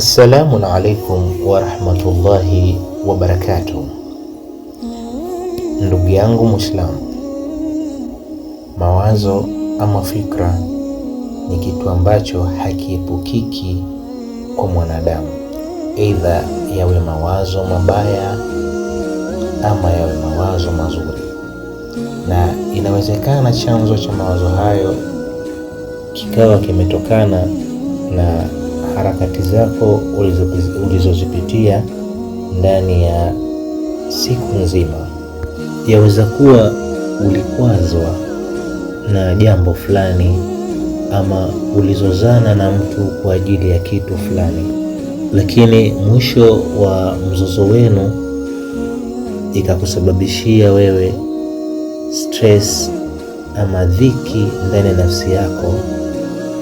Assalamu alaikum warahmatullahi wabarakatuh. Ndugu yangu Muislamu, mawazo ama fikra ni kitu ambacho hakiepukiki kwa mwanadamu, aidha yawe mawazo mabaya ama yawe mawazo mazuri, na inawezekana chanzo cha mawazo hayo kikawa kimetokana na harakati zako ulizozipitia ndani ya siku nzima. Yaweza kuwa ulikwazwa na jambo fulani, ama ulizozana na mtu kwa ajili ya kitu fulani, lakini mwisho wa mzozo wenu ikakusababishia wewe stress ama dhiki ndani ya nafsi yako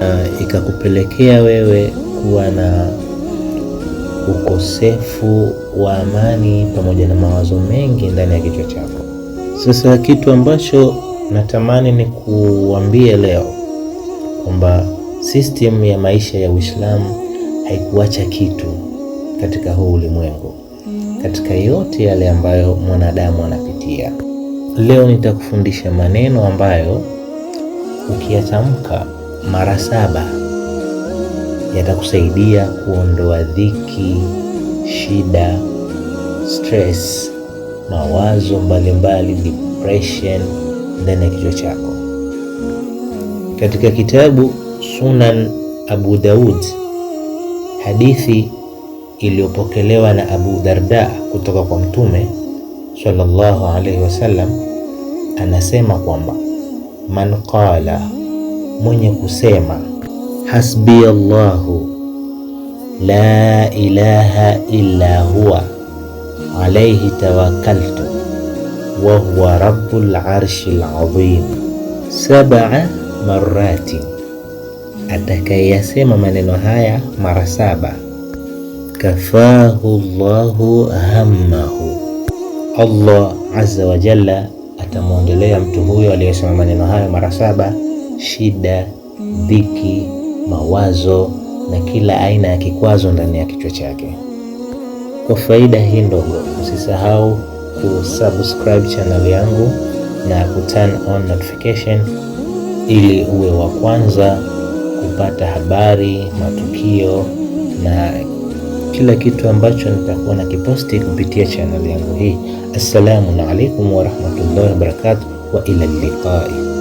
na ikakupelekea wewe kuwa na ukosefu wa amani pamoja na mawazo mengi ndani ya kichwa chako. Sasa kitu ambacho natamani ni kuambie leo kwamba system ya maisha ya Uislamu haikuacha kitu katika huu ulimwengu, katika yote yale ambayo mwanadamu anapitia. Leo nitakufundisha maneno ambayo ukiyatamka mara saba yatakusaidia kuondoa dhiki, shida, stress, mawazo mbalimbali, depression ndani ya kichwa chako. Katika kitabu Sunan Abu Daud, hadithi iliyopokelewa na Abu Darda kutoka kwa Mtume sallallahu alaihi wasallam anasema kwamba man qala, mwenye kusema حسبي الله لا إله إلا هو عليه توكلت وهو رب العرش العظيم سبع مرات أتكيسم من نهاية مرة سبع كفاه الله همه الله عز وجل أتمون دليم تهوي وليسم من نهاية مرة سبع شدة ذكي mawazo na kila aina ya kikwazo ndani ya kichwa chake. Kwa faida hii ndogo, usisahau kusubscribe channel yangu na kuturn on notification ili uwe wa kwanza kupata habari, matukio na kila kitu ambacho nitakuwa na kiposti kupitia channel yangu hii. Assalamu alaikum warahmatullahi wabarakatuh wa ila liqai.